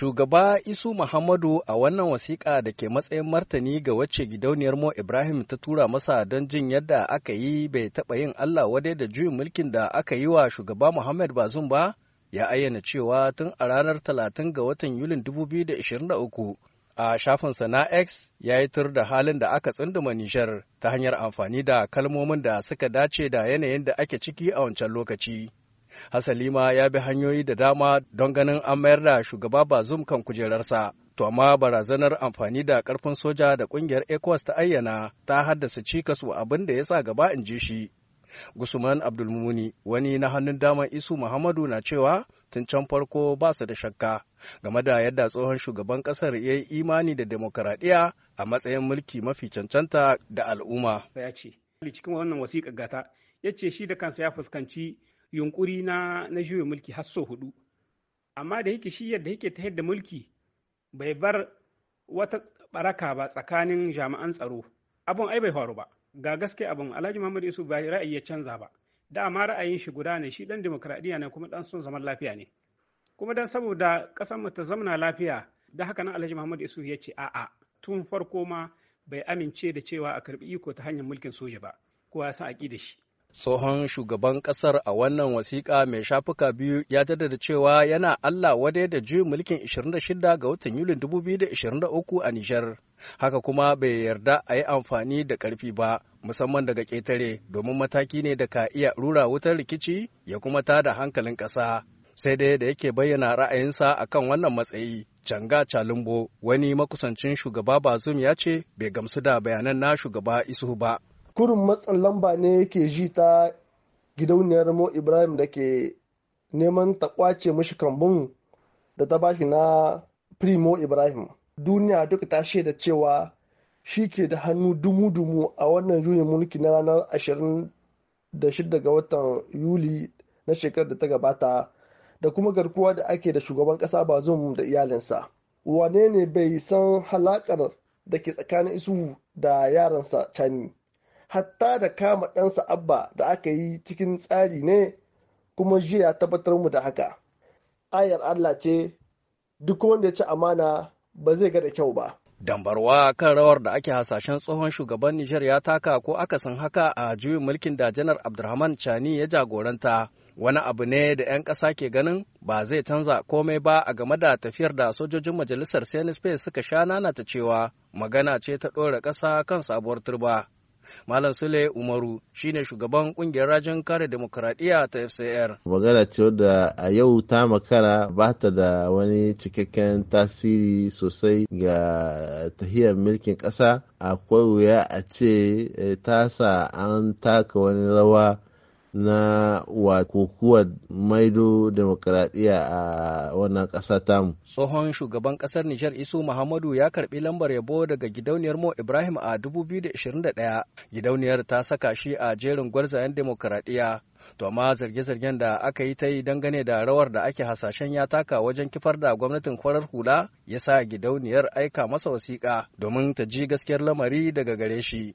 Shugaba Isu Muhammadu a wannan wasiƙa da ke matsayin martani ga wacce gidauniyar Mo Ibrahim ta tura masa don jin yadda aka yi bai taɓa yin Allah wadai da juyin mulkin da aka yi wa shugaba Muhammad Bazum ba, ya ayyana cewa tun a ranar 30 ga watan Yulin 2023 a shafinsa na X ya yi tur da halin da aka tsunduma Nijar ta hanyar amfani da kalmomin da suka dace da yanayin da ake ciki a wancan lokaci. hasalima ya bi hanyoyi da dama don ganin an mayar da shugaba bazum kan kujerarsa to amma barazanar amfani da karfin soja da kungiyar ecowas ta ayyana ta haddasa cikas wa abin da ya sa gaba in ji shi Gusman Abdulmumuni wani na hannun daman Isu Muhammadu na cewa tun can farko ba su da shakka game da yadda tsohon shugaban kasar ya yi imani da demokaradiyya a matsayin mulki mafi cancanta da al'umma. Ya ce, cikin wannan wasiƙa gata, ya ce shi da kansa ya fuskanci yunkuri na na juya mulki har so hudu amma da yake shi yadda yake ta yadda mulki bai bar wata baraka ba tsakanin jami'an tsaro abun ai bai faru ba ga gaske abun alhaji muhammad yusuf ba ra'ayi ya canza ba Da dama ra'ayin shi guda ne shi dan demokradiyya ne kuma dan son zaman lafiya ne kuma dan saboda kasan mu ta zamana lafiya da haka nan alhaji muhammad yusuf ya ce a'a tun farko ma bai amince da cewa a karbi iko ta hanyar mulkin soja ba kowa ya san ƙi da shi Tsohon shugaban ƙasar a wannan wasiƙa mai shafuka biyu ya jaddada cewa yana Allah wadai da juyin mulkin 26 ga watan Yulin 2023 a Nijar. Haka kuma bai yarda a yi amfani da ƙarfi ba, musamman daga ƙetare, domin mataki ne da ka iya rura wutar rikici ya kuma tada hankalin ƙasa. sai dai da yake bayyana ra'ayinsa akan wannan matsayi canga calumbo wani makusancin shugaba bazum ya ce bai gamsu da bayanan na shugaba isu ba kurin matsin lamba ne ke ji ta gidauniyar mo ibrahim da ke neman ta kwace mashi kambun da ta bashi na primo ibrahim duniya duka ta shaida cewa shi ke da hannu dumu-dumu a wannan juyin mulki na ranar 26 ga watan yuli na shekarar da ta gabata da kuma garkuwa da ake da shugaban kasa bazum da iyalinsa wane ne bai san halakar da ke tsakanin isu da yaransa cani hatta da kama ɗansa abba da aka yi cikin tsari ne kuma jiya tabbatar mu da haka ayar allah ce duk wanda ya ci amana ba zai ga da kyau ba dambarwa kan rawar da ake hasashen tsohon shugaban nijar ya taka ko aka san haka a juyin mulkin da janar abdulrahman chani ya jagoranta wani abu ne da 'yan ƙasa ke ganin ba zai canza komai ba a game da tafiyar da sojojin majalisar senate suka sha ta cewa magana ce ta ɗora ƙasa kan sabuwar turba Malam Sule Umaru shine shugaban kungiyar rajin kare demokuraɗiyya ta FCR. Magana ce da a yau ta makara ba ta da wani cikakken tasiri sosai ga tahiyar mulkin ƙasa akwai wuya a ce eh, ta sa an taka wani rawa na wa maido demokradiyya a wannan ƙasa tamu. Tsohon shugaban ƙasar Nijar Isu Muhammadu ya karɓi lambar yabo daga gidauniyar Mo Ibrahim a 2021. Gidauniyar ta saka shi a jerin gwarzayen demokradiyya. To amma zarge-zargen da aka yi ta yi dangane da rawar da ake hasashen ya taka wajen kifar da gwamnatin kwarar hula ya sa gidauniyar aika masa wasiƙa domin ta ji gaskiyar lamari daga gare shi.